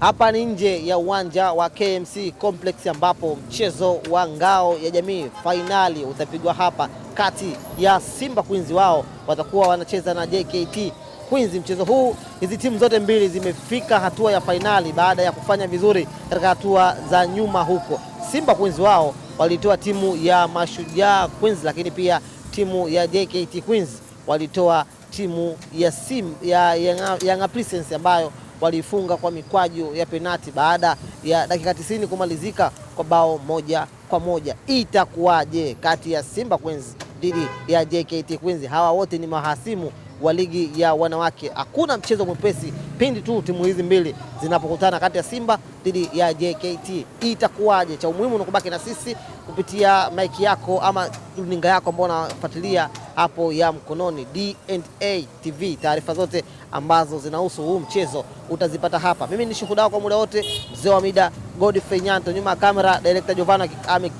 Hapa ni nje ya uwanja wa KMC Complex ambapo mchezo wa ngao ya jamii fainali utapigwa hapa kati ya Simba Queens, wao watakuwa wanacheza na JKT Queens. Mchezo huu, hizi timu zote mbili zimefika hatua ya fainali baada ya kufanya vizuri katika hatua za nyuma huko. Simba Queens wao walitoa timu ya Mashujaa Queens, lakini pia timu ya JKT Queens walitoa timu ya Sim, ya Young Africans ambayo waliifunga kwa mikwaju ya penati baada ya dakika 90 kumalizika kwa bao moja kwa moja. Itakuwaje kati ya Simba Queens dhidi ya JKT Queens? Hawa wote ni mahasimu wa ligi ya wanawake. Hakuna mchezo mwepesi pindi tu timu hizi mbili zinapokutana, kati ya Simba dhidi ya JKT. Itakuwaje? Cha umuhimu ni kubaki na sisi kupitia maiki yako ama runinga yako ambao unafuatilia hapo ya mkononi. D&A TV, taarifa zote ambazo zinahusu huu mchezo utazipata hapa. Mimi ni shuhuda kwa muda wote, mzee wa mida Godfrey Nyanto, nyuma ya kamera director Jovana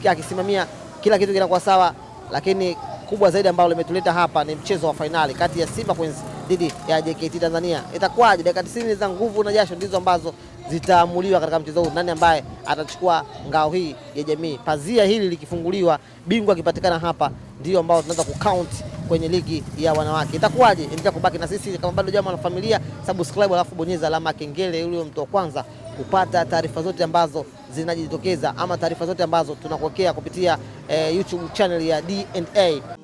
akisimamia kila kitu kinakuwa sawa, lakini kubwa zaidi ambalo limetuleta hapa ni mchezo wa fainali kati ya Simba Queens dhidi ya JKT Tanzania. Itakuwaje? Dakika 90 za nguvu na jasho ndizo ambazo zitaamuliwa katika mchezo huu, nani ambaye atachukua ngao hii ya jamii. Pazia hili likifunguliwa, bingwa akipatikana hapa, ndio ambao tunaanza kucount kwenye ligi ya wanawake. Itakuwaje? Endelea kubaki na sisi kama bado jamaa na familia, subscribe alafu bonyeza alama ya kengele ili mtu wa kwanza kupata taarifa zote ambazo zinajitokeza ama taarifa zote ambazo tunakuwekea kupitia eh, YouTube channel ya D&A.